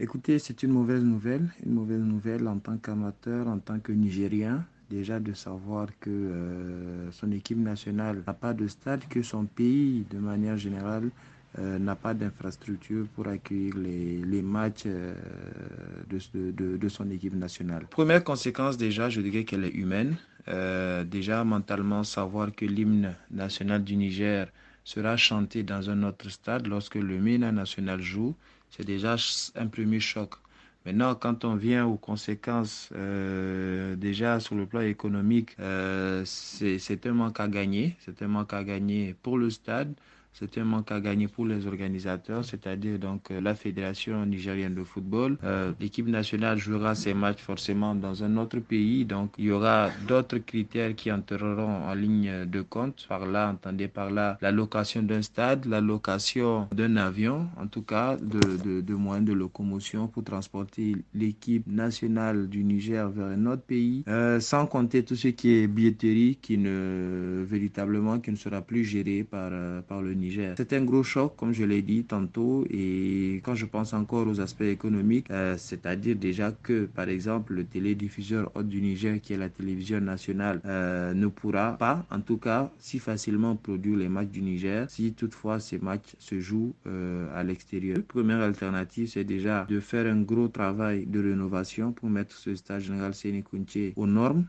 Écoutez, c'est une mauvaise nouvelle, une mauvaise nouvelle en tant qu'amateur, en tant que Nigérien, déjà de savoir que euh, son équipe nationale n'a pas de stade, que son pays, de manière générale, euh, n'a pas d'infrastructure pour accueillir les, matchs euh, de, son équipe nationale. Première conséquence déjà, je dirais qu'elle est humaine. déjà mentalement, savoir que l'hymne national du Niger sera chanté dans un autre stade lorsque le Mina national joue. C'est déjà un premier choc. Maintenant, quand on vient aux conséquences, euh, déjà sur le plan économique, euh, c'est un manque à gagner. C'est un manque à gagner pour le stade, c'est un manque à gagner pour les organisateurs, c'est-à-dire donc euh, la Fédération nigérienne de football. Euh, l'équipe nationale jouera ses matchs forcément dans un autre pays, donc il y aura d'autres critères qui entreront en ligne de compte. Par là, entendez par là la location d'un stade, la location d'un avion, en tout cas de, de, de moyens de locomotion pour transporter l'équipe nationale du Niger vers un autre pays, euh, sans compter tout ce qui est billetterie qui ne véritablement qui ne sera plus géré par, par le Niger c'est un gros choc, comme je l'ai dit tantôt, et quand je pense encore aux aspects économiques, euh, c'est-à-dire déjà que, par exemple, le télédiffuseur haute du Niger, qui est la télévision nationale, euh, ne pourra pas, en tout cas, si facilement produire les matchs du Niger, si toutefois ces matchs se jouent euh, à l'extérieur. première alternative, c'est déjà de faire un gros travail de rénovation pour mettre ce stade général Sénécounché aux normes